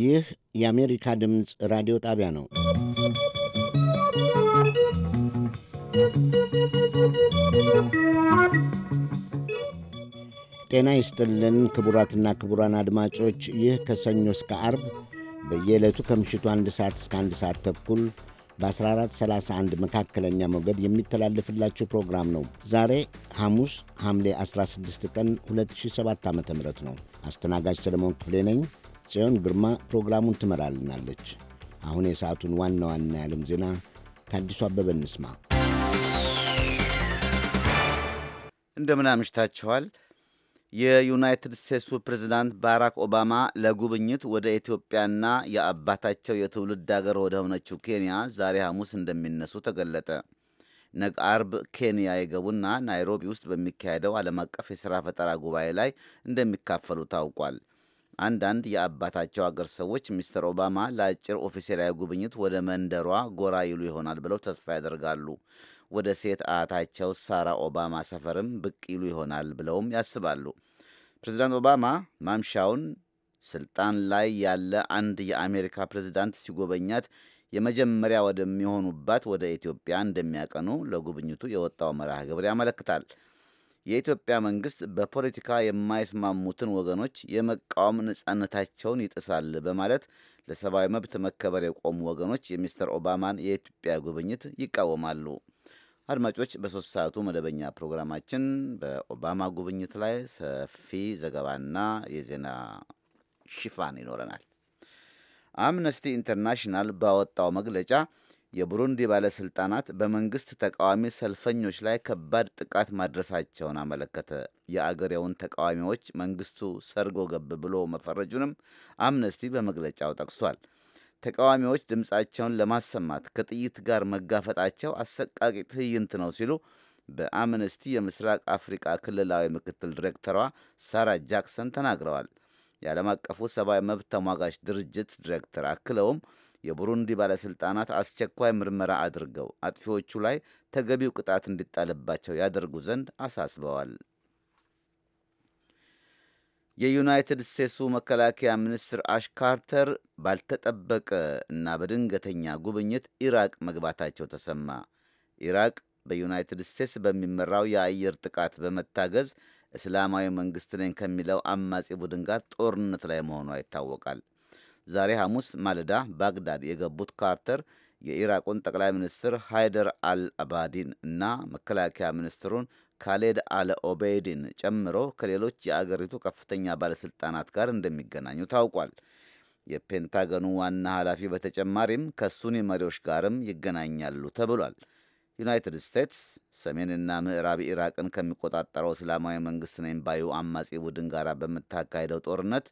ይህ የአሜሪካ ድምፅ ራዲዮ ጣቢያ ነው። ጤና ይስጥልን ክቡራትና ክቡራን አድማጮች ይህ ከሰኞ እስከ አርብ በየዕለቱ ከምሽቱ አንድ ሰዓት እስከ አንድ ሰዓት ተኩል በ1431 መካከለኛ ሞገድ የሚተላለፍላችሁ ፕሮግራም ነው። ዛሬ ሐሙስ ሐምሌ 16 ቀን 2007 ዓ ም ነው። አስተናጋጅ ሰለሞን ክፍሌ ነኝ። ጽዮን ግርማ ፕሮግራሙን ትመራልናለች። አሁን የሰዓቱን ዋና ዋና የዓለም ዜና ከአዲሱ አበበ እንስማ። እንደምን አምሽታችኋል። የዩናይትድ ስቴትሱ ፕሬዝዳንት ባራክ ኦባማ ለጉብኝት ወደ ኢትዮጵያና የአባታቸው የትውልድ አገር ወደ ሆነችው ኬንያ ዛሬ ሐሙስ እንደሚነሱ ተገለጠ። ነገ አርብ ኬንያ የገቡና ናይሮቢ ውስጥ በሚካሄደው ዓለም አቀፍ የሥራ ፈጠራ ጉባኤ ላይ እንደሚካፈሉ ታውቋል። አንዳንድ የአባታቸው አገር ሰዎች ሚስተር ኦባማ ለአጭር ኦፊሴላዊ ጉብኝት ወደ መንደሯ ጎራ ይሉ ይሆናል ብለው ተስፋ ያደርጋሉ። ወደ ሴት አያታቸው ሳራ ኦባማ ሰፈርም ብቅ ይሉ ይሆናል ብለውም ያስባሉ። ፕሬዚዳንት ኦባማ ማምሻውን ስልጣን ላይ ያለ አንድ የአሜሪካ ፕሬዚዳንት ሲጎበኛት የመጀመሪያ ወደሚሆኑባት ወደ ኢትዮጵያ እንደሚያቀኑ ለጉብኝቱ የወጣው መርሃ ግብር ያመለክታል። የኢትዮጵያ መንግስት በፖለቲካ የማይስማሙትን ወገኖች የመቃወም ነጻነታቸውን ይጥሳል በማለት ለሰብአዊ መብት መከበር የቆሙ ወገኖች የሚስተር ኦባማን የኢትዮጵያ ጉብኝት ይቃወማሉ። አድማጮች፣ በሶስት ሰዓቱ መደበኛ ፕሮግራማችን በኦባማ ጉብኝት ላይ ሰፊ ዘገባና የዜና ሽፋን ይኖረናል። አምነስቲ ኢንተርናሽናል ባወጣው መግለጫ የቡሩንዲ ባለሥልጣናት በመንግሥት ተቃዋሚ ሰልፈኞች ላይ ከባድ ጥቃት ማድረሳቸውን አመለከተ። የአገሬውን ተቃዋሚዎች መንግሥቱ ሰርጎ ገብ ብሎ መፈረጁንም አምነስቲ በመግለጫው ጠቅሷል። ተቃዋሚዎች ድምፃቸውን ለማሰማት ከጥይት ጋር መጋፈጣቸው አሰቃቂ ትዕይንት ነው ሲሉ በአምነስቲ የምስራቅ አፍሪቃ ክልላዊ ምክትል ዲሬክተሯ ሳራ ጃክሰን ተናግረዋል። የዓለም አቀፉ ሰብአዊ መብት ተሟጋች ድርጅት ዲሬክተር አክለውም የቡሩንዲ ባለሥልጣናት አስቸኳይ ምርመራ አድርገው አጥፊዎቹ ላይ ተገቢው ቅጣት እንዲጣልባቸው ያደርጉ ዘንድ አሳስበዋል። የዩናይትድ ስቴትሱ መከላከያ ሚኒስትር አሽ ካርተር ባልተጠበቀ እና በድንገተኛ ጉብኝት ኢራቅ መግባታቸው ተሰማ። ኢራቅ በዩናይትድ ስቴትስ በሚመራው የአየር ጥቃት በመታገዝ እስላማዊ መንግስት ነኝ ከሚለው አማጺ ቡድን ጋር ጦርነት ላይ መሆኗ ይታወቃል። ዛሬ ሐሙስ ማለዳ ባግዳድ የገቡት ካርተር የኢራቁን ጠቅላይ ሚኒስትር ሃይደር አል እና መከላከያ ሚኒስትሩን ካሌድ አለ ኦቤይድን ጨምሮ ከሌሎች የአገሪቱ ከፍተኛ ባለሥልጣናት ጋር እንደሚገናኙ ታውቋል። የፔንታገኑ ዋና ኃላፊ በተጨማሪም ከሱኒ መሪዎች ጋርም ይገናኛሉ ተብሏል። ዩናይትድ ስቴትስ ሰሜንና ምዕራብ ኢራቅን ከሚቆጣጠረው እስላማዊ መንግሥት ነኝ ባዩ አማጺ ቡድን ጋር በምታካሄደው ጦርነት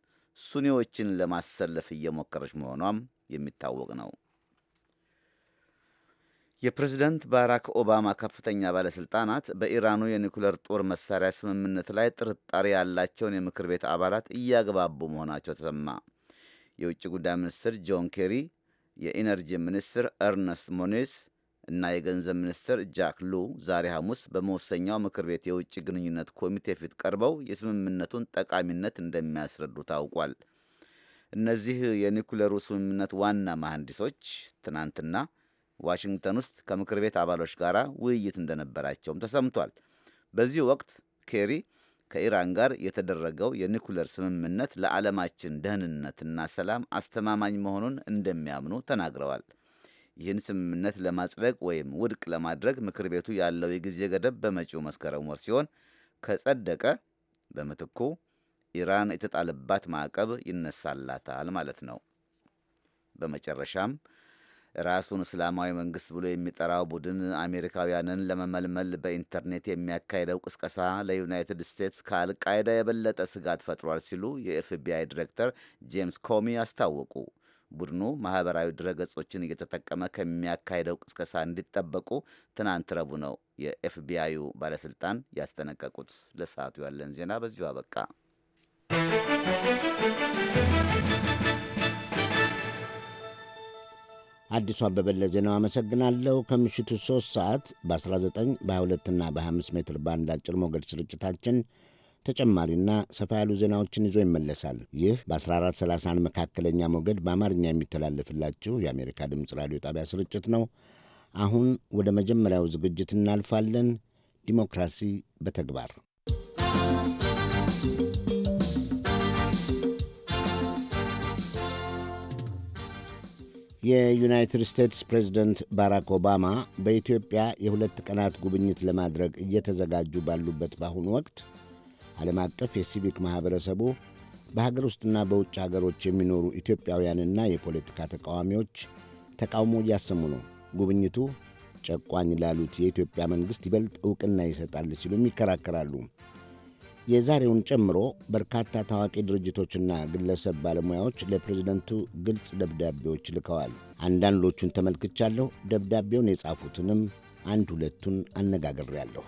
ሱኒዎችን ለማሰለፍ እየሞከረች መሆኗም የሚታወቅ ነው። የፕሬዝደንት ባራክ ኦባማ ከፍተኛ ባለሥልጣናት በኢራኑ የኒኩለር ጦር መሳሪያ ስምምነት ላይ ጥርጣሬ ያላቸውን የምክር ቤት አባላት እያግባቡ መሆናቸው ተሰማ። የውጭ ጉዳይ ሚኒስትር ጆን ኬሪ፣ የኢነርጂ ሚኒስትር ኤርነስት ሞኔስ እና የገንዘብ ሚኒስትር ጃክ ሉ ዛሬ ሐሙስ በመወሰኛው ምክር ቤት የውጭ ግንኙነት ኮሚቴ ፊት ቀርበው የስምምነቱን ጠቃሚነት እንደሚያስረዱ ታውቋል። እነዚህ የኒኩለሩ ስምምነት ዋና መሐንዲሶች ትናንትና ዋሽንግተን ውስጥ ከምክር ቤት አባሎች ጋር ውይይት እንደነበራቸውም ተሰምቷል። በዚህ ወቅት ኬሪ ከኢራን ጋር የተደረገው የኒኩለር ስምምነት ለዓለማችን ደህንነትና ሰላም አስተማማኝ መሆኑን እንደሚያምኑ ተናግረዋል። ይህን ስምምነት ለማጽደቅ ወይም ውድቅ ለማድረግ ምክር ቤቱ ያለው የጊዜ ገደብ በመጪው መስከረም ወር ሲሆን ከጸደቀ በምትኩ ኢራን የተጣለባት ማዕቀብ ይነሳላታል ማለት ነው። በመጨረሻም ራሱን እስላማዊ መንግስት ብሎ የሚጠራው ቡድን አሜሪካውያንን ለመመልመል በኢንተርኔት የሚያካሂደው ቅስቀሳ ለዩናይትድ ስቴትስ ከአልቃይዳ የበለጠ ስጋት ፈጥሯል ሲሉ የኤፍቢአይ ዲሬክተር ጄምስ ኮሚ አስታወቁ። ቡድኑ ማህበራዊ ድረገጾችን እየተጠቀመ ከሚያካሄደው ቅስቀሳ እንዲጠበቁ ትናንት ረቡዕ ነው የኤፍቢአዩ ባለስልጣን ያስጠነቀቁት። ለሰዓቱ ያለን ዜና በዚሁ አበቃ። አዲሱ አበበ ለዜናው አመሰግናለሁ። ከምሽቱ 3 ሰዓት በ19 በ22ና በ25 ሜትር ባንድ አጭር ሞገድ ስርጭታችን ተጨማሪና ሰፋ ያሉ ዜናዎችን ይዞ ይመለሳል። ይህ በ1430 መካከለኛ ሞገድ በአማርኛ የሚተላለፍላችሁ የአሜሪካ ድምፅ ራዲዮ ጣቢያ ስርጭት ነው። አሁን ወደ መጀመሪያው ዝግጅት እናልፋለን። ዲሞክራሲ በተግባር የዩናይትድ ስቴትስ ፕሬዝደንት ባራክ ኦባማ በኢትዮጵያ የሁለት ቀናት ጉብኝት ለማድረግ እየተዘጋጁ ባሉበት በአሁኑ ወቅት ዓለም አቀፍ የሲቪክ ማኅበረሰቡ በሀገር ውስጥና በውጭ ሀገሮች የሚኖሩ ኢትዮጵያውያንና የፖለቲካ ተቃዋሚዎች ተቃውሞ እያሰሙ ነው። ጉብኝቱ ጨቋኝ ላሉት የኢትዮጵያ መንግሥት ይበልጥ ዕውቅና ይሰጣል ሲሉም ይከራከራሉ። የዛሬውን ጨምሮ በርካታ ታዋቂ ድርጅቶችና ግለሰብ ባለሙያዎች ለፕሬዝደንቱ ግልጽ ደብዳቤዎች ልከዋል። አንዳንዶቹን ተመልክቻለሁ። ደብዳቤውን የጻፉትንም አንድ ሁለቱን አነጋግሬያለሁ።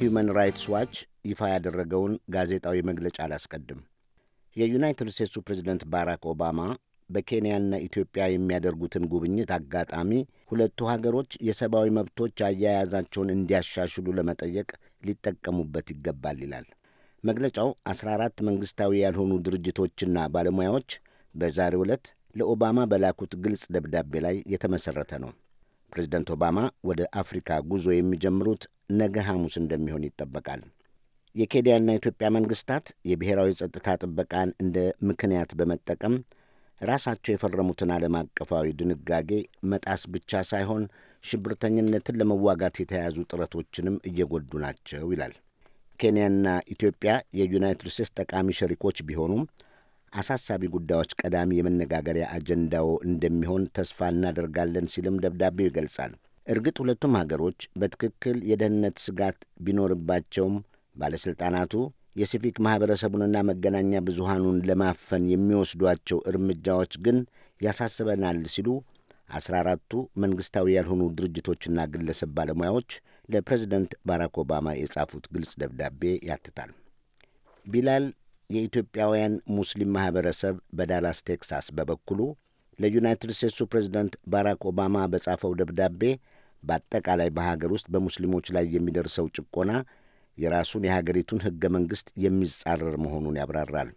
ሂዩማን ራይትስ ዋች ይፋ ያደረገውን ጋዜጣዊ መግለጫ አላስቀድም። የዩናይትድ ስቴትሱ ፕሬዝደንት ባራክ ኦባማ በኬንያና ኢትዮጵያ የሚያደርጉትን ጉብኝት አጋጣሚ ሁለቱ ሀገሮች የሰብአዊ መብቶች አያያዛቸውን እንዲያሻሽሉ ለመጠየቅ ሊጠቀሙበት ይገባል ይላል መግለጫው። 14 መንግሥታዊ ያልሆኑ ድርጅቶችና ባለሙያዎች በዛሬው ዕለት ለኦባማ በላኩት ግልጽ ደብዳቤ ላይ የተመሠረተ ነው። ፕሬዝደንት ኦባማ ወደ አፍሪካ ጉዞ የሚጀምሩት ነገ ሐሙስ እንደሚሆን ይጠበቃል። የኬንያና ኢትዮጵያ መንግሥታት የብሔራዊ ጸጥታ ጥበቃን እንደ ምክንያት በመጠቀም ራሳቸው የፈረሙትን ዓለም አቀፋዊ ድንጋጌ መጣስ ብቻ ሳይሆን ሽብርተኝነትን ለመዋጋት የተያዙ ጥረቶችንም እየጎዱ ናቸው ይላል። ኬንያና ኢትዮጵያ የዩናይትድ ስቴትስ ጠቃሚ ሸሪኮች ቢሆኑም አሳሳቢ ጉዳዮች ቀዳሚ የመነጋገሪያ አጀንዳው እንደሚሆን ተስፋ እናደርጋለን ሲልም ደብዳቤው ይገልጻል። እርግጥ ሁለቱም ሀገሮች በትክክል የደህንነት ስጋት ቢኖርባቸውም ባለሥልጣናቱ የሲቪክ ማኅበረሰቡንና መገናኛ ብዙሃኑን ለማፈን የሚወስዷቸው እርምጃዎች ግን ያሳስበናል ሲሉ አስራ አራቱ መንግሥታዊ ያልሆኑ ድርጅቶችና ግለሰብ ባለሙያዎች ለፕሬዝደንት ባራክ ኦባማ የጻፉት ግልጽ ደብዳቤ ያትታል። ቢላል የኢትዮጵያውያን ሙስሊም ማኅበረሰብ በዳላስ ቴክሳስ በበኩሉ ለዩናይትድ ስቴትሱ ፕሬዝደንት ባራክ ኦባማ በጻፈው ደብዳቤ በአጠቃላይ በሀገር ውስጥ በሙስሊሞች ላይ የሚደርሰው ጭቆና የራሱን የሀገሪቱን ሕገ መንግሥት የሚጻረር መሆኑን ያብራራል።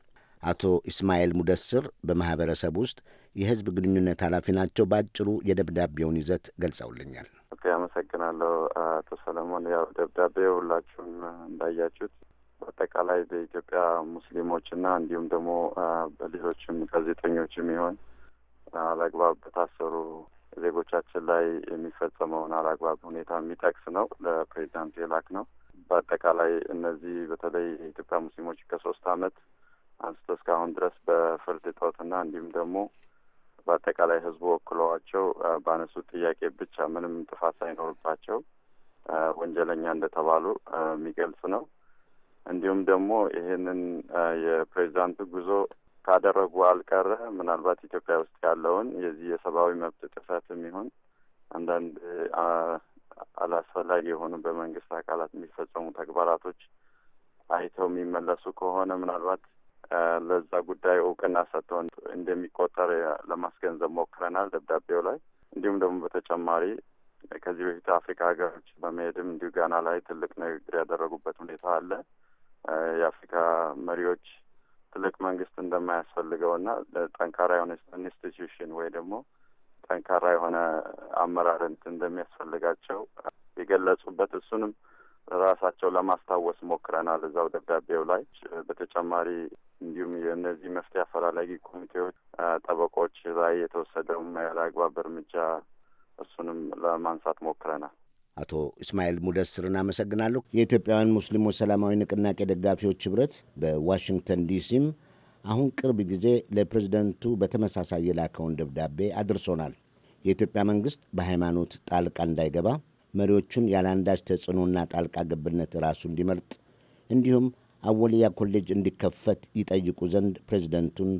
አቶ ኢስማኤል ሙደስር በማኅበረሰብ ውስጥ የሕዝብ ግንኙነት ኃላፊ ናቸው። በአጭሩ የደብዳቤውን ይዘት ገልጸውልኛል። አመሰግናለሁ አቶ ሰለሞን። ያው ደብዳቤ ሁላችሁም እንዳያችሁት በአጠቃላይ በኢትዮጵያ ሙስሊሞችና እንዲሁም ደግሞ በሌሎችም ጋዜጠኞችም ይሆን አላግባብ በታሰሩ ዜጎቻችን ላይ የሚፈጸመውን አላግባብ ሁኔታ የሚጠቅስ ነው። ለፕሬዚዳንቱ የላክ ነው። በአጠቃላይ እነዚህ በተለይ የኢትዮጵያ ሙስሊሞች ከሶስት አመት አንስቶ እስካሁን ድረስ በፍርድ እጦትና እንዲሁም ደግሞ በአጠቃላይ ህዝቡ ወክለዋቸው ባነሱት ጥያቄ ብቻ ምንም ጥፋት ሳይኖርባቸው ወንጀለኛ እንደተባሉ የሚገልጽ ነው። እንዲሁም ደግሞ ይህንን የፕሬዚዳንቱ ጉዞ ካደረጉ አልቀረ ምናልባት ኢትዮጵያ ውስጥ ያለውን የዚህ የሰብአዊ መብት ጥሰት የሚሆን አንዳንድ አላስፈላጊ የሆኑ በመንግስት አካላት የሚፈጸሙ ተግባራቶች አይተው የሚመለሱ ከሆነ ምናልባት ለዛ ጉዳይ እውቅና ሰጥተው እንደሚቆጠር ለማስገንዘብ ሞክረናል ደብዳቤው ላይ። እንዲሁም ደግሞ በተጨማሪ ከዚህ በፊት አፍሪካ ሀገሮች በመሄድም እንዲሁ ጋና ላይ ትልቅ ንግግር ያደረጉበት ሁኔታ አለ። የአፍሪካ መሪዎች ትልቅ መንግስት እንደማያስፈልገውና ጠንካራ የሆነ ኢንስቲትዩሽን ወይ ደግሞ ጠንካራ የሆነ አመራር እንደሚያስፈልጋቸው የገለጹበት እሱንም ራሳቸው ለማስታወስ ሞክረናል እዛው ደብዳቤው ላይ። በተጨማሪ እንዲሁም የእነዚህ መፍትሄ አፈላላጊ ኮሚቴዎች ጠበቆች ላይ የተወሰደውም ያለ አግባብ እርምጃ እሱንም ለማንሳት ሞክረናል። አቶ እስማኤል ሙደስርን አመሰግናለሁ። የኢትዮጵያውያን ሙስሊሞች ሰላማዊ ንቅናቄ ደጋፊዎች ህብረት በዋሽንግተን ዲሲም አሁን ቅርብ ጊዜ ለፕሬዝደንቱ በተመሳሳይ የላከውን ደብዳቤ አድርሶናል። የኢትዮጵያ መንግሥት በሃይማኖት ጣልቃ እንዳይገባ፣ መሪዎቹን ያለአንዳች ተጽዕኖና ጣልቃ ገብነት ራሱ እንዲመርጥ፣ እንዲሁም አወልያ ኮሌጅ እንዲከፈት ይጠይቁ ዘንድ ፕሬዝደንቱን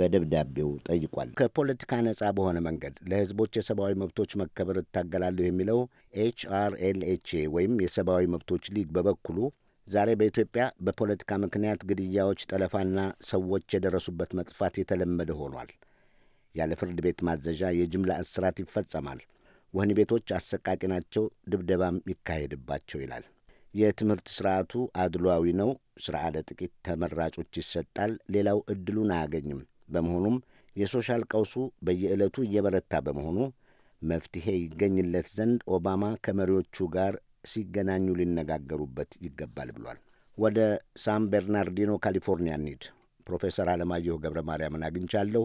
በደብዳቤው ጠይቋል። ከፖለቲካ ነጻ በሆነ መንገድ ለሕዝቦች የሰብአዊ መብቶች መከበር እታገላለሁ የሚለው ኤችአርኤልኤችኤ ወይም የሰብአዊ መብቶች ሊግ በበኩሉ ዛሬ በኢትዮጵያ በፖለቲካ ምክንያት ግድያዎች፣ ጠለፋና ሰዎች የደረሱበት መጥፋት የተለመደ ሆኗል። ያለ ፍርድ ቤት ማዘዣ የጅምላ እስራት ይፈጸማል። ወህኒ ቤቶች አሰቃቂ ናቸው፣ ድብደባም ይካሄድባቸው ይላል። የትምህርት ስርዓቱ አድሏዊ ነው። ስራ ለጥቂት ተመራጮች ይሰጣል፣ ሌላው እድሉን አያገኝም። በመሆኑም የሶሻል ቀውሱ በየዕለቱ እየበረታ በመሆኑ መፍትሄ ይገኝለት ዘንድ ኦባማ ከመሪዎቹ ጋር ሲገናኙ ሊነጋገሩበት ይገባል ብሏል። ወደ ሳን ቤርናርዲኖ ካሊፎርኒያ እንሂድ። ፕሮፌሰር አለማየሁ ገብረ ማርያምን አግኝቻለሁ።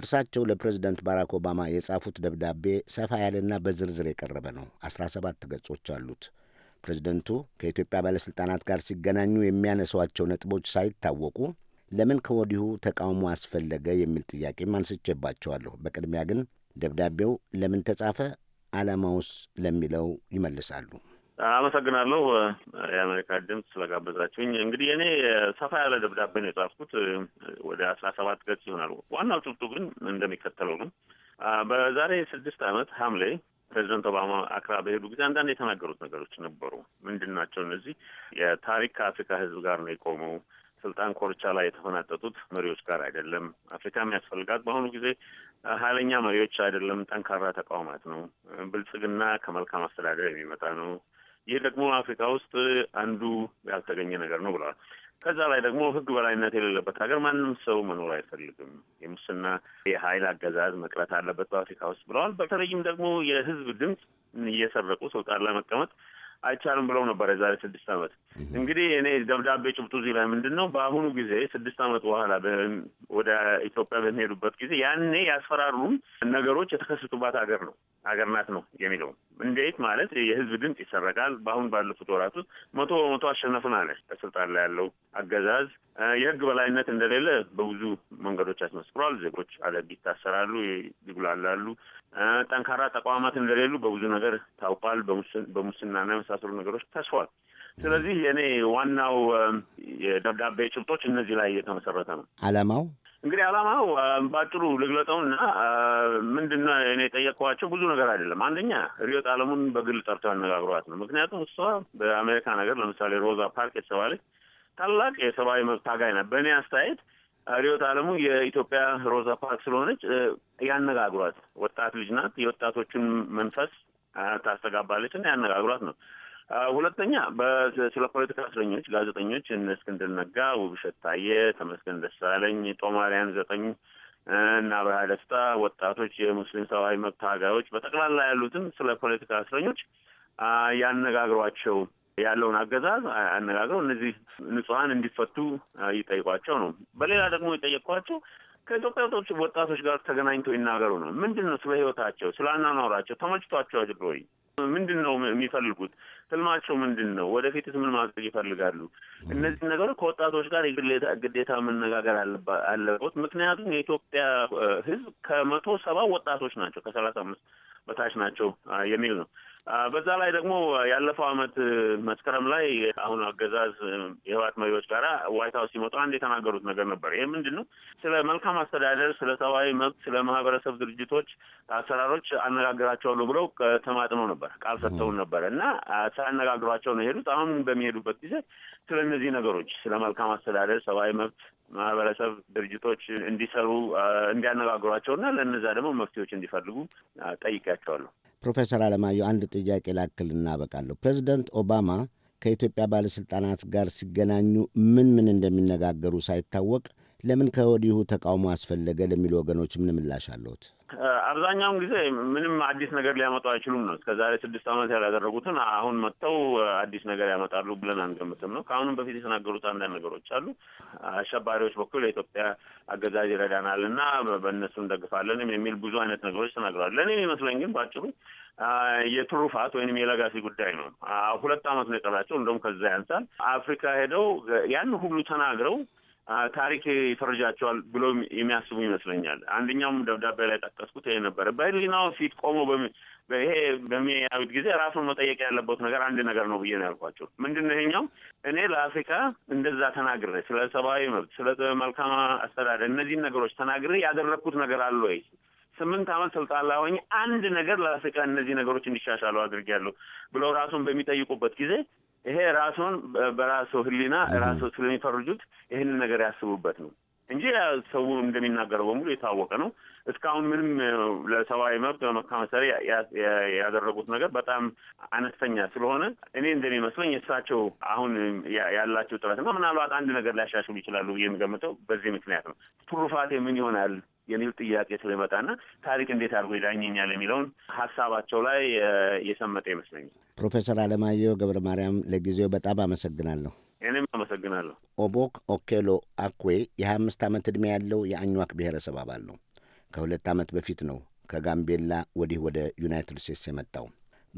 እርሳቸው ለፕሬዚደንት ባራክ ኦባማ የጻፉት ደብዳቤ ሰፋ ያለና በዝርዝር የቀረበ ነው። 17 ገጾች አሉት። ፕሬዚደንቱ ከኢትዮጵያ ባለሥልጣናት ጋር ሲገናኙ የሚያነሷቸው ነጥቦች ሳይታወቁ ለምን ከወዲሁ ተቃውሞ አስፈለገ የሚል ጥያቄም አንስቼባቸዋለሁ። በቅድሚያ ግን ደብዳቤው ለምን ተጻፈ፣ ዓላማውስ ለሚለው ይመልሳሉ። አመሰግናለሁ የአሜሪካ ድምፅ ስለጋበዛችሁኝ። እንግዲህ እኔ ሰፋ ያለ ደብዳቤ ነው የጻፍኩት ወደ አስራ ሰባት ገጽ ይሆናል። ዋናው ጭብጡ ግን እንደሚከተለው ነው። በዛሬ ስድስት ዓመት ሐምሌ ፕሬዚደንት ኦባማ አክራ በሄዱ ጊዜ አንዳንድ የተናገሩት ነገሮች ነበሩ። ምንድን ናቸው እነዚህ? የታሪክ ከአፍሪካ ህዝብ ጋር ነው የቆመው። ስልጣን ኮርቻ ላይ የተፈናጠጡት መሪዎች ጋር አይደለም። አፍሪካ የሚያስፈልጋት በአሁኑ ጊዜ ኃይለኛ መሪዎች አይደለም፣ ጠንካራ ተቋማት ነው። ብልጽግና ከመልካም አስተዳደር የሚመጣ ነው። ይህ ደግሞ አፍሪካ ውስጥ አንዱ ያልተገኘ ነገር ነው ብለዋል። ከዛ ላይ ደግሞ ህግ በላይነት የሌለበት ሀገር ማንም ሰው መኖር አይፈልግም። የሙስና የኃይል አገዛዝ መቅረት አለበት በአፍሪካ ውስጥ ብለዋል። በተለይም ደግሞ የህዝብ ድምፅ እየሰረቁ ስልጣን ለመቀመጥ። አይቻልም ብለው ነበር የዛሬ ስድስት ዓመት። እንግዲህ እኔ ደብዳቤ ጭብጡ እዚህ ላይ ምንድን ነው፣ በአሁኑ ጊዜ ስድስት ዓመት በኋላ ወደ ኢትዮጵያ በሚሄዱበት ጊዜ ያኔ ያስፈራሩም ነገሮች የተከሰቱባት ሀገር ነው ሀገር ናት ነው የሚለው እንዴት ማለት የህዝብ ድምፅ ይሰረቃል። በአሁን ባለፉት ወራት ውስጥ መቶ በመቶ አሸነፍን አለ በስልጣን ላይ ያለው አገዛዝ። የህግ በላይነት እንደሌለ በብዙ መንገዶች አስመስክሯል። ዜጎች አለግ ይታሰራሉ፣ ይጉላላሉ። ጠንካራ ተቋማት እንደሌሉ በብዙ ነገር ታውቋል። በሙስናና የመሳሰሉ ነገሮች ተስፏል። ስለዚህ የእኔ ዋናው የደብዳቤ ጭብጦች እነዚህ ላይ የተመሰረተ ነው። አላማው እንግዲህ አላማው በአጭሩ ልግለጠውና ምንድን ነው እኔ የጠየቅኳቸው ብዙ ነገር አይደለም። አንደኛ ሪዮት አለሙን በግል ጠርተው ያነጋግሯት ነው። ምክንያቱም እሷ በአሜሪካ ነገር ለምሳሌ ሮዛ ፓርክ የተባለች ታላቅ የሰብአዊ መብት ታጋይ ናት። በእኔ አስተያየት ሪዮት አለሙ የኢትዮጵያ ሮዛ ፓርክ ስለሆነች ያነጋግሯት። ወጣት ልጅ ናት። የወጣቶቹን መንፈስ ታስተጋባለች እና ያነጋግሯት ነው። ሁለተኛ በስለ ፖለቲካ እስረኞች ጋዜጠኞች እነ እስክንድር ነጋ፣ ውብሸት ታየ፣ ተመስገን ደሳለኝ፣ ጦማሪያን ዘጠኝ እና ብርሃ ደስታ፣ ወጣቶች፣ የሙስሊም ሰብአዊ መብት ታጋዮች በጠቅላላ ያሉትን ስለ ፖለቲካ እስረኞች ያነጋግሯቸው ያለውን አገዛዝ አነጋግረው እነዚህ ንጹሀን እንዲፈቱ ይጠይቋቸው ነው። በሌላ ደግሞ የጠየቅኳቸው ከኢትዮጵያ ወጣቶች ጋር ተገናኝተው ይናገሩ ነው። ምንድን ነው ስለ ህይወታቸው፣ ስለ አናኗራቸው ተመችቷቸው አድሮ ወይ? ምንድን ነው የሚፈልጉት? ህልማቸው ምንድን ነው? ወደፊትስ ምን ማድረግ ይፈልጋሉ? እነዚህ ነገሮች ከወጣቶች ጋር ግዴታ መነጋገር አለበት። ምክንያቱም የኢትዮጵያ ህዝብ ከመቶ ሰባ ወጣቶች ናቸው ከሰላሳ አምስት በታች ናቸው የሚል ነው። በዛ ላይ ደግሞ ያለፈው አመት መስከረም ላይ አሁን አገዛዝ የህወሓት መሪዎች ጋራ ዋይት ሀውስ ሲመጡ አንድ የተናገሩት ነገር ነበር። ይህ ምንድን ነው? ስለ መልካም አስተዳደር፣ ስለ ሰብአዊ መብት፣ ስለ ማህበረሰብ ድርጅቶች አሰራሮች አነጋግራቸዋለሁ ብለው ተማጥነው ነበር፣ ቃል ሰጥተውን ነበር እና ሳያነጋግሯቸው ነው የሄዱት። አሁን በሚሄዱበት ጊዜ ስለ እነዚህ ነገሮች ስለ መልካም አስተዳደር፣ ሰብአዊ መብት ማህበረሰብ ድርጅቶች እንዲሰሩ እንዲያነጋግሯቸውና ለእነዛ ደግሞ መፍትሄዎች እንዲፈልጉ ጠይቄያቸዋለሁ። ፕሮፌሰር አለማየሁ አንድ ጥያቄ ላክል እናበቃለሁ። ፕሬዚደንት ኦባማ ከኢትዮጵያ ባለሥልጣናት ጋር ሲገናኙ ምን ምን እንደሚነጋገሩ ሳይታወቅ ለምን ከወዲሁ ተቃውሞ አስፈለገ ለሚሉ ወገኖች ምን ምላሽ አለዎት? አብዛኛውን ጊዜ ምንም አዲስ ነገር ሊያመጡ አይችሉም ነው። እስከ ዛሬ ስድስት ዓመት ያላደረጉትን አሁን መጥተው አዲስ ነገር ያመጣሉ ብለን አንገምትም ነው። ከአሁንም በፊት የተናገሩት አንዳንድ ነገሮች አሉ። አሸባሪዎች በኩል የኢትዮጵያ አገዛዝ ይረዳናል እና በእነሱ እንደግፋለንም የሚል ብዙ አይነት ነገሮች ተናግረዋል። ለእኔ የሚመስለኝ ግን በአጭሩ የትሩፋት ወይም የለጋሲ ጉዳይ ነው። ሁለት ዓመት ነው የቀራቸው፣ እንደውም ከዛ ያንሳል። አፍሪካ ሄደው ያን ሁሉ ተናግረው ታሪክ ይፈርጃቸዋል ብሎ የሚያስቡ ይመስለኛል። አንደኛውም ደብዳቤ ላይ ጠቀስኩት ይሄ ነበረ። በህሊናው ፊት ቆሞ ይሄ በሚያዩት ጊዜ ራሱን መጠየቅ ያለበት ነገር አንድ ነገር ነው ብዬ ነው ያልኳቸው። ምንድን ነው ይሄኛው? እኔ ለአፍሪካ እንደዛ ተናግሬ ስለ ሰብአዊ መብት፣ ስለ መልካም አስተዳደር እነዚህን ነገሮች ተናግሬ ያደረግኩት ነገር አለ ወይ? ስምንት ዓመት ስልጣን ላይ ሆኜ አንድ ነገር ለአፍሪካ እነዚህ ነገሮች እንዲሻሻሉ አድርጌያለሁ ብለው ራሱን በሚጠይቁበት ጊዜ ይሄ ራሱን በራሱ ህሊና ራሱ ስለሚፈርጁት ይህንን ነገር ያስቡበት ነው እንጂ ሰው እንደሚናገረው በሙሉ የታወቀ ነው። እስካሁን ምንም ለሰብአዊ መብት መሰሪ ያደረጉት ነገር በጣም አነስተኛ ስለሆነ እኔ እንደሚመስለኝ የእሳቸው አሁን ያላቸው ጥረት እና ምናልባት አንድ ነገር ሊያሻሽሉ ይችላሉ የሚገምተው በዚህ ምክንያት ነው። ትሩፋቴ ምን ይሆናል የሚል ጥያቄ ስለመጣና ታሪክ እንዴት አድርጎ ይዳኘኛል የሚለውን ሀሳባቸው ላይ የሰመጠ ይመስለኛል። ፕሮፌሰር አለማየሁ ገብረ ማርያም ለጊዜው በጣም አመሰግናለሁ። እኔም አመሰግናለሁ። ኦቦክ ኦኬሎ አኩዌ የሀያ አምስት ዓመት ዕድሜ ያለው የአኟክ ብሔረሰብ አባል ነው። ከሁለት ዓመት በፊት ነው ከጋምቤላ ወዲህ ወደ ዩናይትድ ስቴትስ የመጣው።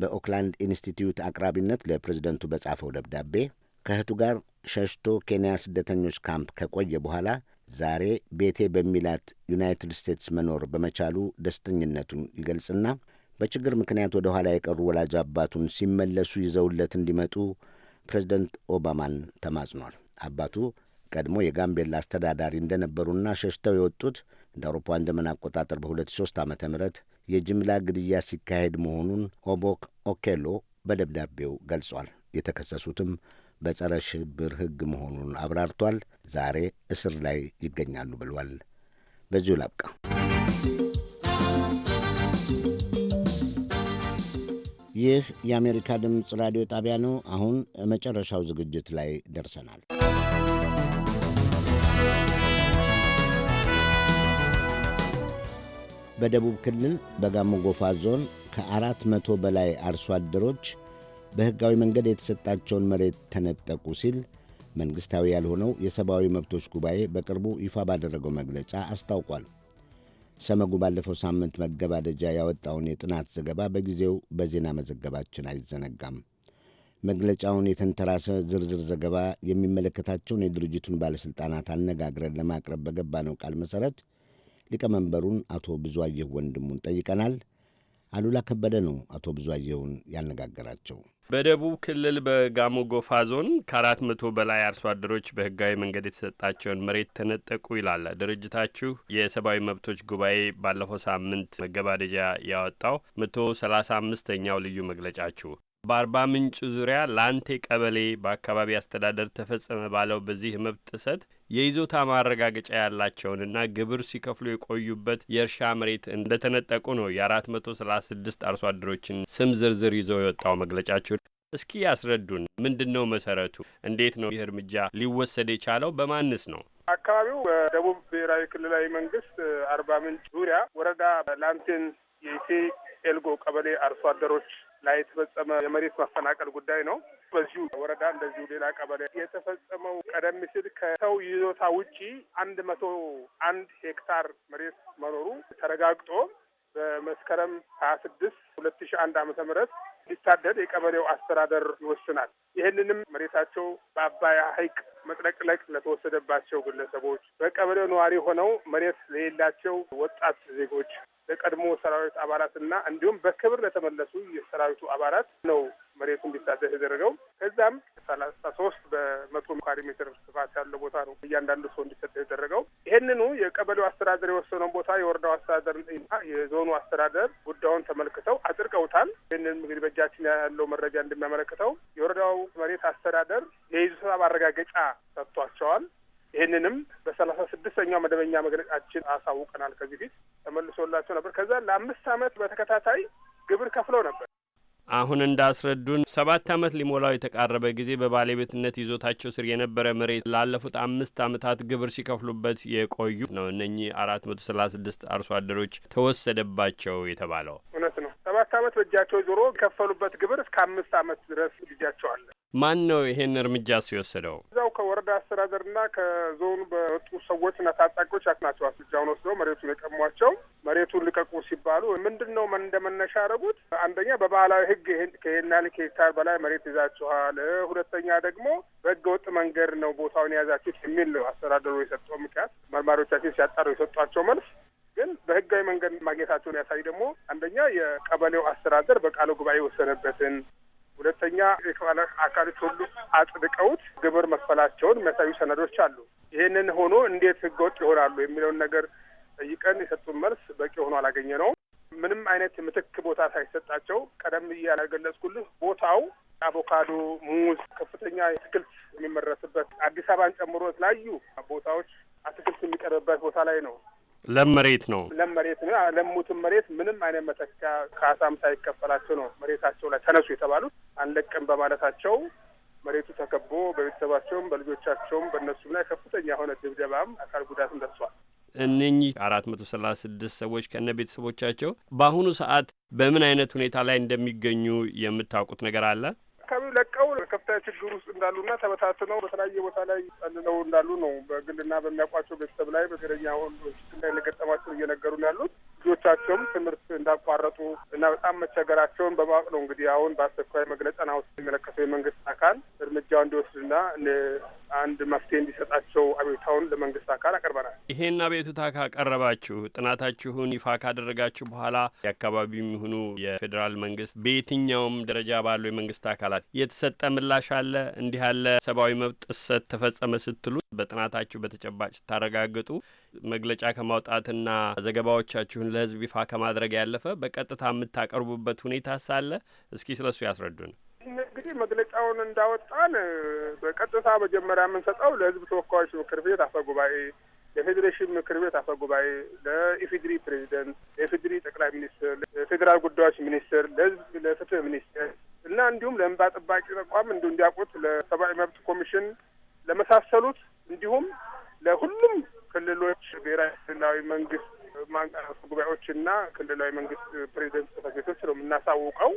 በኦክላንድ ኢንስቲትዩት አቅራቢነት ለፕሬዝደንቱ በጻፈው ደብዳቤ ከእህቱ ጋር ሸሽቶ ኬንያ ስደተኞች ካምፕ ከቆየ በኋላ ዛሬ ቤቴ በሚላት ዩናይትድ ስቴትስ መኖር በመቻሉ ደስተኝነቱን ይገልጽና በችግር ምክንያት ወደ ኋላ የቀሩ ወላጅ አባቱን ሲመለሱ ይዘውለት እንዲመጡ ፕሬዚደንት ኦባማን ተማጽኗል። አባቱ ቀድሞ የጋምቤላ አስተዳዳሪ እንደነበሩና ሸሽተው የወጡት እንደ አውሮፓውያን ዘመን አቆጣጠር በ2003 ዓ ም የጅምላ ግድያ ሲካሄድ መሆኑን ኦቦክ ኦኬሎ በደብዳቤው ገልጿል። የተከሰሱትም በጸረ ሽብር ሕግ መሆኑን አብራርቷል። ዛሬ እስር ላይ ይገኛሉ ብሏል። በዚሁ ላብቃ። ይህ የአሜሪካ ድምፅ ራዲዮ ጣቢያ ነው። አሁን መጨረሻው ዝግጅት ላይ ደርሰናል። በደቡብ ክልል በጋሞ ጎፋ ዞን ከአራት መቶ በላይ አርሶ አደሮች በሕጋዊ መንገድ የተሰጣቸውን መሬት ተነጠቁ ሲል መንግሥታዊ ያልሆነው የሰብአዊ መብቶች ጉባኤ በቅርቡ ይፋ ባደረገው መግለጫ አስታውቋል። ሰመጉ ባለፈው ሳምንት መገባደጃ ያወጣውን የጥናት ዘገባ በጊዜው በዜና መዘገባችን አይዘነጋም። መግለጫውን የተንተራሰ ዝርዝር ዘገባ የሚመለከታቸውን የድርጅቱን ባለሥልጣናት አነጋግረን ለማቅረብ በገባነው ቃል መሠረት ሊቀመንበሩን አቶ ብዙአየሁ ወንድሙን ጠይቀናል። አሉላ ከበደ ነው አቶ ብዙአየሁን ያነጋገራቸው። በደቡብ ክልል በጋሞ ጎፋ ዞን ከአራት መቶ በላይ አርሶ አደሮች በህጋዊ መንገድ የተሰጣቸውን መሬት ተነጠቁ ይላል ድርጅታችሁ። የሰብአዊ መብቶች ጉባኤ ባለፈው ሳምንት መገባደጃ ያወጣው መቶ ሰላሳ አምስተኛው ልዩ መግለጫችሁ በአርባ ምንጭ ዙሪያ ላንቴ ቀበሌ በአካባቢ አስተዳደር ተፈጸመ ባለው በዚህ መብት ጥሰት የይዞታ ማረጋገጫ ያላቸውንና ግብር ሲከፍሉ የቆዩበት የእርሻ መሬት እንደተነጠቁ ነው የ436 አርሶ አደሮችን ስም ዝርዝር ይዞ የወጣው መግለጫቸው። እስኪ ያስረዱን፣ ምንድን ነው መሰረቱ? እንዴት ነው ይህ እርምጃ ሊወሰድ የቻለው? በማንስ ነው? አካባቢው በደቡብ ብሔራዊ ክልላዊ መንግስት አርባ ምንጭ ዙሪያ ወረዳ ላንቴን የኢቴ ኤልጎ ቀበሌ አርሶ አደሮች ላይ የተፈጸመ የመሬት ማፈናቀል ጉዳይ ነው። በዚሁ ወረዳ እንደዚሁ ሌላ ቀበሌ የተፈጸመው ቀደም ሲል ከሰው ይዞታ ውጪ አንድ መቶ አንድ ሄክታር መሬት መኖሩ ተረጋግጦ በመስከረም ሀያ ስድስት ሁለት ሺ አንድ አመተ ምህረት እንዲታደድ የቀበሌው አስተዳደር ይወስናል። ይህንንም መሬታቸው በአባይ ሐይቅ መጥለቅለቅ ለተወሰደባቸው ግለሰቦች፣ በቀበሌው ነዋሪ ሆነው መሬት ለሌላቸው ወጣት ዜጎች ለቀድሞ ሰራዊት አባላት እና እንዲሁም በክብር ለተመለሱ የሰራዊቱ አባላት ነው መሬቱ እንዲታደስ የተደረገው። ከዛም ሰላሳ ሶስት በመቶ ካሬ ሜትር ስፋት ያለው ቦታ ነው እያንዳንዱ ሰው እንዲሰደው የተደረገው። ይህንኑ የቀበሌው አስተዳደር የወሰነውን ቦታ የወረዳው አስተዳደር እና የዞኑ አስተዳደር ጉዳዩን ተመልክተው አጥርቀውታል። ይህንን እንግዲህ በእጃችን ያለው መረጃ እንደሚያመለክተው የወረዳው መሬት አስተዳደር የይዞታ ማረጋገጫ ሰጥቷቸዋል። ይህንንም በሰላሳ ስድስተኛው መደበኛ መግለጫችን አሳውቀናል። ከዚህ ፊት ተመልሶላቸው ነበር። ከዛ ለአምስት አመት በተከታታይ ግብር ከፍለው ነበር። አሁን እንዳስረዱን ሰባት አመት ሊሞላው የተቃረበ ጊዜ በባለቤትነት ይዞታቸው ስር የነበረ መሬት ላለፉት አምስት አመታት ግብር ሲከፍሉበት የቆዩ ነው። እነኚህ አራት መቶ ሰላሳ ስድስት አርሶ አደሮች ተወሰደባቸው የተባለው እውነት ነው። ሰባት አመት በእጃቸው ዞሮ የከፈሉበት ግብር እስከ አምስት አመት ድረስ ጊዜያቸው አለ። ማን ነው ይሄን እርምጃ ሲወሰደው? እዛው ከወረዳ አስተዳደርና ከዞኑ በወጡ ሰዎችና ታጣቂዎች ናቸው እርምጃውን ወስደው መሬቱን የቀሟቸው። መሬቱን ልቀቁ ሲባሉ ምንድን ነው ምን እንደመነሻ ያደረጉት? አንደኛ በባህላዊ ህግ ከይሄን ያህል ሄክታር በላይ መሬት ይዛችኋል፣ ሁለተኛ ደግሞ በህገ ወጥ መንገድ ነው ቦታውን የያዛችሁት የሚል አስተዳደሩ የሰጠው ምክንያት መርማሪዎቻችን ሲያጣሩ የሰጧቸው መልስ ግን በህጋዊ መንገድ ማግኘታቸውን ያሳይ ደግሞ አንደኛ የቀበሌው አስተዳደር በቃለ ጉባኤ የወሰነበትን ሁለተኛ የተዋለ አካሎች ሁሉ አጽድቀውት ግብር መክፈላቸውን የሚያሳዩ ሰነዶች አሉ። ይህንን ሆኖ እንዴት ህገወጥ ይሆናሉ የሚለውን ነገር ጠይቀን የሰጡን መልስ በቂ ሆኖ አላገኘ ነው። ምንም አይነት ምትክ ቦታ ሳይሰጣቸው ቀደም ብዬ ቦታው አቮካዶ፣ ሙዝ፣ ከፍተኛ አትክልት የሚመረስበት አዲስ አበባን ጨምሮ የተለያዩ ቦታዎች አትክልት የሚቀርብበት ቦታ ላይ ነው ለም መሬት ነው። ለም መሬት ነው። ለሙትም መሬት ምንም አይነት መተኪያ ካሳም ሳይከፈላቸው ነው መሬታቸው ላይ ተነሱ የተባሉት አንለቅም በማለታቸው መሬቱ ተከቦ በቤተሰባቸውም በልጆቻቸውም በእነሱም ላይ ከፍተኛ የሆነ ድብደባም አካል ጉዳትም ደርሷል። እነኚህ አራት መቶ ሰላሳ ስድስት ሰዎች ከነ ቤተሰቦቻቸው በአሁኑ ሰዓት በምን አይነት ሁኔታ ላይ እንደሚገኙ የምታውቁት ነገር አለ? አካባቢው ለቀው ከፍተኛ ችግር ውስጥ እንዳሉና ተበታትነው በተለያየ ቦታ ላይ ጠልለው እንዳሉ ነው። በግልና በሚያውቋቸው ቤተሰብ ላይ በተለኛ ወንዶች ላይ ለገጠማቸው እየነገሩ ያሉት ልጆቻቸውም ትምህርት እንዳቋረጡ እና በጣም መቸገራቸውን በማወቅ ነው እንግዲህ አሁን በአስቸኳይ መግለጫን ውስጥ የሚመለከተው የመንግስት አካል እርምጃው እንዲወስድና አንድ መፍትሄ እንዲሰጣቸው አቤቱታውን ለመንግስት አካል አቀርበናል። ይሄን አቤቱታ ካቀረባችሁ ጥናታችሁን ይፋ ካደረጋችሁ በኋላ የአካባቢ የሚሆኑ የፌዴራል መንግስት በየትኛውም ደረጃ ባሉ የመንግስት አካላት የተሰጠ ምላሽ አለ? እንዲህ ያለ ሰብአዊ መብት ጥሰት ተፈጸመ ስትሉ በጥናታችሁ በተጨባጭ ስታረጋግጡ መግለጫ ከማውጣትና ዘገባዎቻችሁን ለህዝብ ይፋ ከማድረግ ያለፈ በቀጥታ የምታቀርቡበት ሁኔታ ሳለ እስኪ ስለሱ ያስረዱን። እንግዲህ መግለጫውን እንዳወጣን በቀጥታ መጀመሪያ የምንሰጠው ለህዝብ ተወካዮች ምክር ቤት አፈ ጉባኤ፣ ለፌዴሬሽን ምክር ቤት አፈ ጉባኤ፣ ለኢፌድሪ ፕሬዚደንት፣ ለኢፌድሪ ጠቅላይ ሚኒስትር፣ ለፌዴራል ጉዳዮች ሚኒስትር፣ ለህዝብ ለፍትህ ሚኒስትር እና እንዲሁም ለእንባ ጠባቂ ተቋም እንዲሁ እንዲያውቁት ለሰብአዊ መብት ኮሚሽን ለመሳሰሉት እንዲሁም ለሁሉም ክልሎች ብሔራዊ ክልላዊ መንግስት ማንቃ ጉባኤዎች እና ክልላዊ መንግስት ፕሬዚደንት ጽሕፈት ቤቶች ነው የምናሳውቀው።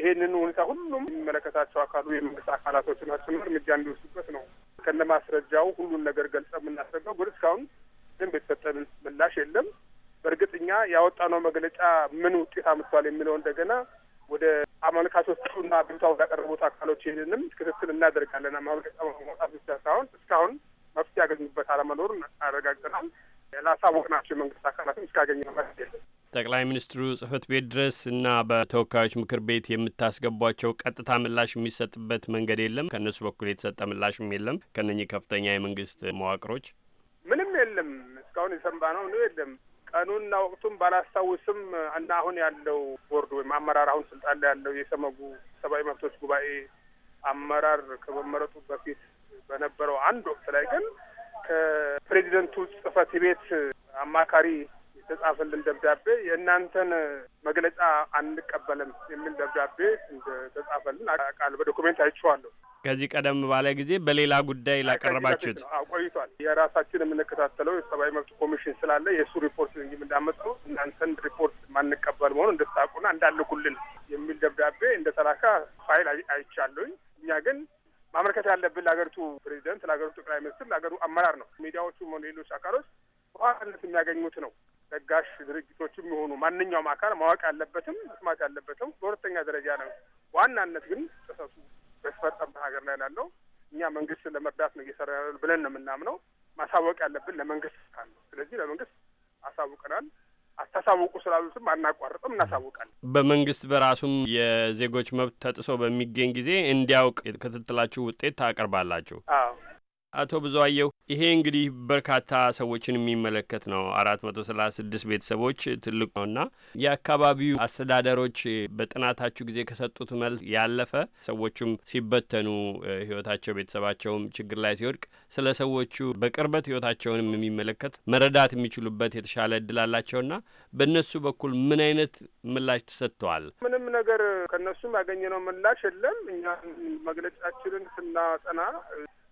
ይሄንን ሁኔታ ሁሉም የሚመለከታቸው አካሉ የመንግስት አካላቶችን ጭምር እርምጃ እንዲወስዱበት ነው። ከነ ማስረጃው ሁሉን ነገር ገልጸ የምናስረጋው ግን እስካሁን ደንብ የተሰጠን ምላሽ የለም። በእርግጥ እኛ ያወጣነው መግለጫ ምን ውጤት አምጥቷል የሚለው እንደገና ወደ አመልካቾቹና አቤቱታ ያቀረቡት አካሎች ይህንንም ክትትል እናደርጋለን። ማመልከቻ መውጣት ብቻ ሳይሆን እስካሁን መፍትሄ ያገኙበት አለመኖሩን አረጋግጠናል። ላሳወቅናቸው የመንግስት አካላትም እስካገኘ መፍትሄ የለም። ጠቅላይ ሚኒስትሩ ጽህፈት ቤት ድረስ እና በተወካዮች ምክር ቤት የምታስገቧቸው ቀጥታ ምላሽ የሚሰጥበት መንገድ የለም። ከእነሱ በኩል የተሰጠ ምላሽም የለም። ከነኚህ ከፍተኛ የመንግስት መዋቅሮች ምንም የለም። እስካሁን የሰማነው ነው የለም። ቀኑና ወቅቱም ባላስታውስም እና አሁን ያለው ቦርድ ወይም አመራር አሁን ስልጣን ላይ ያለው የሰመጉ ሰብአዊ መብቶች ጉባኤ አመራር ከመመረጡ በፊት በነበረው አንድ ወቅት ላይ ግን ከፕሬዚደንቱ ጽህፈት ቤት አማካሪ የተጻፈልን ደብዳቤ የእናንተን መግለጫ አንቀበልም የሚል ደብዳቤ ተጻፈልን አቃል በዶኩሜንት አይቼዋለሁ። ከዚህ ቀደም ባለ ጊዜ በሌላ ጉዳይ ላቀረባችሁት ቆይቷል። የራሳችን የምንከታተለው የሰብአዊ መብት ኮሚሽን ስላለ የእሱ ሪፖርት እንዳመጣው እናንተን ሪፖርት ማንቀበል መሆኑ እንድታቁና እንዳልኩልን የሚል ደብዳቤ እንደተላከ ፋይል አይቻለኝ። እኛ ግን ማመልከት ያለብን ለሀገሪቱ ፕሬዚደንት፣ ለሀገሪቱ ጠቅላይ ሚኒስትር፣ ለሀገሩ አመራር ነው። ሚዲያዎቹም ሆኑ ሌሎች አካሎች በዋናነት የሚያገኙት ነው። ለጋሽ ድርጅቶችም የሆኑ ማንኛውም አካል ማወቅ ያለበትም መስማት ያለበትም በሁለተኛ ደረጃ ነው። ዋናነት ግን ጥሰቱ በተፈጸመበት ሀገር ላይ ላለው እኛ መንግስት ለመርዳት ነው እየሰራ ያለ ብለን ነው የምናምነው። ማሳወቅ ያለብን ለመንግስት ነው። ስለዚህ ለመንግስት አሳውቀናል። አታሳውቁ ስላሉትም አናቋርጥም፣ እናሳውቃለን። በመንግስት በራሱም የዜጎች መብት ተጥሶ በሚገኝ ጊዜ እንዲያውቅ ክትትላችሁ ውጤት ታቀርባላችሁ። አዎ አቶ ብዙአየሁ ይሄ እንግዲህ በርካታ ሰዎችን የሚመለከት ነው። አራት መቶ ሰላሳ ስድስት ቤተሰቦች ትልቅ ነውና የአካባቢው አስተዳደሮች በጥናታችሁ ጊዜ ከሰጡት መልስ ያለፈ ሰዎቹም ሲበተኑ ህይወታቸው ቤተሰባቸውም ችግር ላይ ሲወድቅ ስለ ሰዎቹ በቅርበት ህይወታቸውንም የሚመለከት መረዳት የሚችሉበት የተሻለ እድል አላቸውና በእነሱ በኩል ምን አይነት ምላሽ ተሰጥተዋል? ምንም ነገር ከእነሱም ያገኘነው ምላሽ የለም። እኛ መግለጫችንን ስናጠና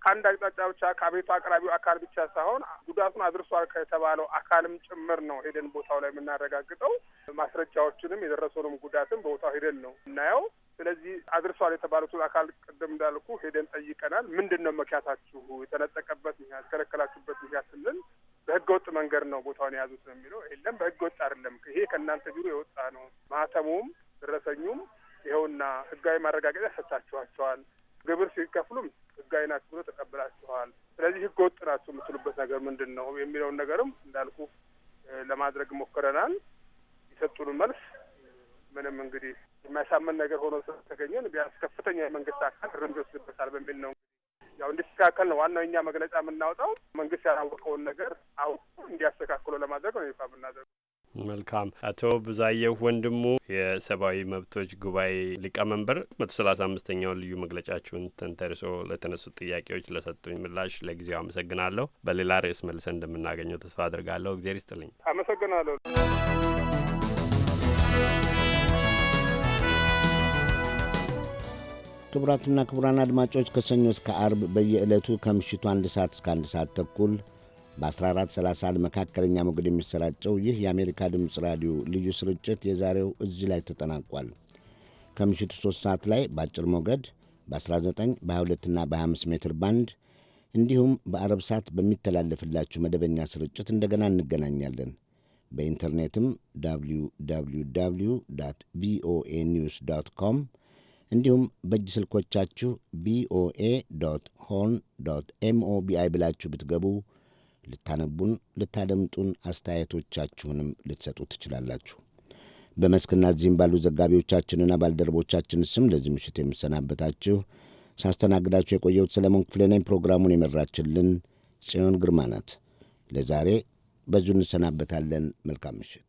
ከአንድ አቅጣጫ ብቻ ከቤቱ አቅራቢው አካል ብቻ ሳይሆን ጉዳቱን አድርሷል ከተባለው አካልም ጭምር ነው ሄደን ቦታው ላይ የምናረጋግጠው። ማስረጃዎችንም የደረሰውንም ጉዳትም በቦታው ሄደን ነው እናየው። ስለዚህ አድርሷል የተባሉትን አካል ቅድም እንዳልኩ ሄደን ጠይቀናል። ምንድን ነው ምክንያታችሁ? የተነጠቀበት ምክንያት፣ የተከለከላችሁበት ምክንያት ስንል በህገ ወጥ መንገድ ነው ቦታውን የያዙት ነው የሚለው። የለም በህገ ወጥ አይደለም፣ ይሄ ከእናንተ ቢሮ የወጣ ነው። ማተሙም ደረሰኙም ይኸውና ህጋዊ ማረጋገጫ ሰጥታችኋቸዋል። ግብር ሲከፍሉም ህጋዊ ናችሁ ብሎ ተቀብላችኋል። ስለዚህ ህገ ወጥ ናችሁ የምትሉበት ነገር ምንድን ነው የሚለውን ነገርም እንዳልኩ ለማድረግ ሞክረናል። የሰጡን መልስ ምንም እንግዲህ የሚያሳምን ነገር ሆኖ ስለተገኘን ቢያንስ ከፍተኛ የመንግስት አካል እርምጃ ይወስድበታል በሚል ነው ያው እንዲስተካከል ነው ዋናው እኛ መግለጫ የምናወጣው። መንግስት ያላወቀውን ነገር አውቁ እንዲያስተካክሎ ለማድረግ ነው ይፋ የምናደርገው። መልካም አቶ ብዛየሁ ወንድሙ የሰብአዊ መብቶች ጉባኤ ሊቀመንበር መቶ ሰላሳ አምስተኛውን ልዩ መግለጫችሁን ተንተርሶ ለተነሱት ጥያቄዎች ለሰጡኝ ምላሽ ለጊዜው አመሰግናለሁ። በሌላ ርዕስ መልሰ እንደምናገኘው ተስፋ አድርጋለሁ። እግዜር ይስጥልኝ። አመሰግናለሁ። ክቡራትና ክቡራን አድማጮች ከሰኞ እስከ አርብ በየዕለቱ ከምሽቱ አንድ ሰዓት እስከ አንድ ሰዓት ተኩል በ1430 መካከለኛ ሞገድ የሚሰራጨው ይህ የአሜሪካ ድምፅ ራዲዮ ልዩ ስርጭት የዛሬው እዚህ ላይ ተጠናቋል። ከምሽቱ 3 ሰዓት ላይ በአጭር ሞገድ በ19 በ22ና በ25 ሜትር ባንድ እንዲሁም በአረብ ሰዓት በሚተላለፍላችሁ መደበኛ ስርጭት እንደገና እንገናኛለን። በኢንተርኔትም www ቪኦኤ ኒውስ ዶት ኮም እንዲሁም በእጅ ስልኮቻችሁ ቪኦኤ ሆርን ኤምኦቢአይ ብላችሁ ብትገቡ ልታነቡን፣ ልታደምጡን፣ አስተያየቶቻችሁንም ልትሰጡ ትችላላችሁ። በመስክና እዚህም ባሉ ዘጋቢዎቻችንና ባልደረቦቻችን ስም ለዚህ ምሽት የምሰናበታችሁ ሳስተናግዳችሁ የቆየሁት ሰለሞን ክፍሌ ነኝ። ፕሮግራሙን የመራችልን ጽዮን ግርማ ናት። ለዛሬ በዚሁ እንሰናበታለን። መልካም ምሽት።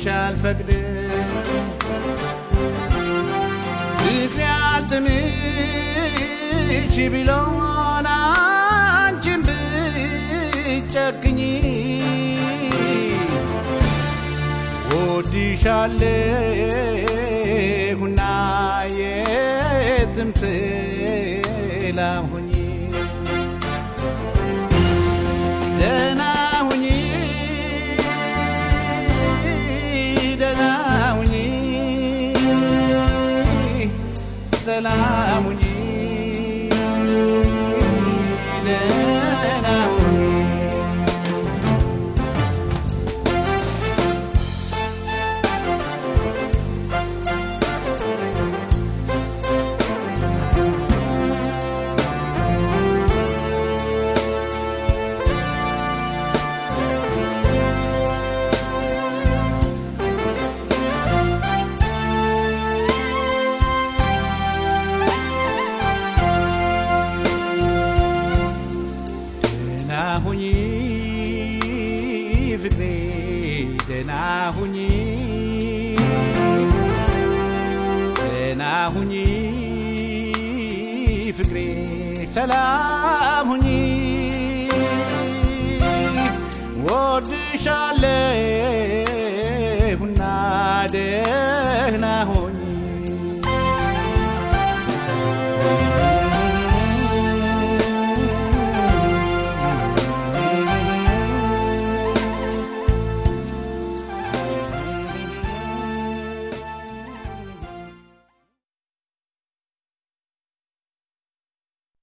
ይሻል ፈቅድ ፍቅር ያልጥምሽ ቢሎን አንቺን ብጨክኝ ወድሻለሁ እና then